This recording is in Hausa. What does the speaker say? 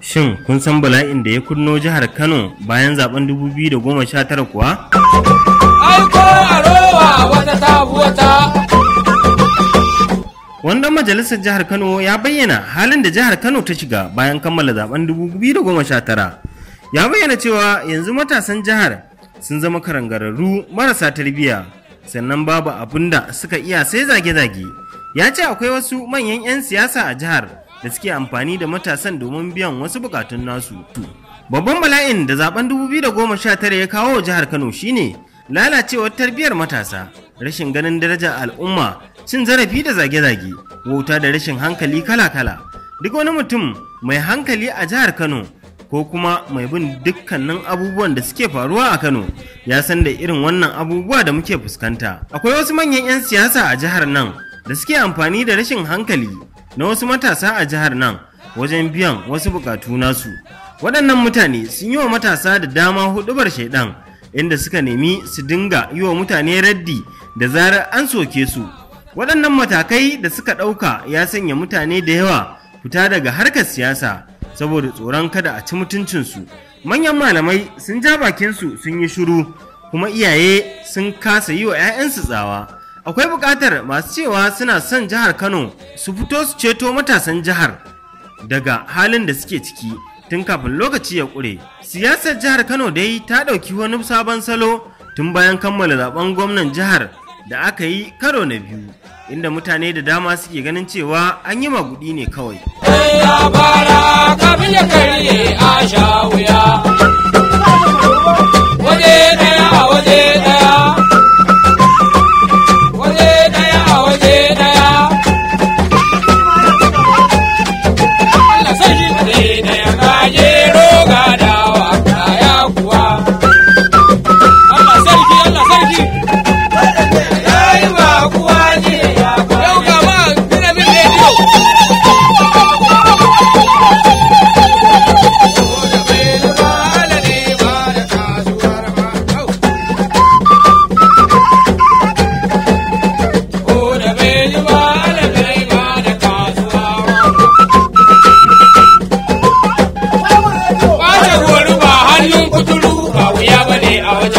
Shin kun san bala'in da ya kunno jihar Kano bayan zaben 2019 kuwa? Aiko a rowa wata tabuwata. Wanda majalisar jihar Kano ya bayyana halin da jihar Kano ta shiga bayan kammala zaben 2019. Ya bayyana cewa yanzu matasan jihar sun zama karangararru marasa tarbiyya sannan babu abin da suka iya sai zage-zage. Ya ce akwai wasu manyan 'yan siyasa a jihar da suke amfani da matasan domin biyan wasu bukatun nasu. Babban bala'in da zaben 2019 ya kawo wa jihar Kano shine lalacewar tarbiyyar matasa, rashin ganin darajar al'umma, cin zarafi da zage-zage, wauta da rashin hankali kala-kala. Duk wani mutum mai hankali a jihar Kano ko kuma mai bin dukkanin abubuwan da suke faruwa a Kano ya san da irin wannan abubuwa da muke fuskanta. Akwai wasu manyan 'yan siyasa a jihar nan da suke amfani da rashin hankali na wasu matasa a jihar nan wajen biyan wasu bukatu nasu waɗannan mutane sun yi wa matasa da dama hudubar shaidan inda suka nemi su dinga yi wa mutane raddi da zarar an soke su waɗannan matakai da suka ɗauka ya sanya mutane da yawa fita daga harkar siyasa saboda tsoron kada a ci mutuncinsu manyan malamai sun ja bakinsu sun yi shiru kuma iyaye sun kasa yi wa 'ya'yansu tsawa akwai buƙatar masu cewa suna son jihar kano su fito su ceto matasan jihar daga halin da suke ciki tun kafin lokaci ya ƙure siyasar jihar kano dai ta ɗauki wani sabon salo tun bayan kammala zaben gwamnan jihar da aka yi karo na biyu inda mutane da dama suke ganin cewa an yi maguɗi ne kawai. I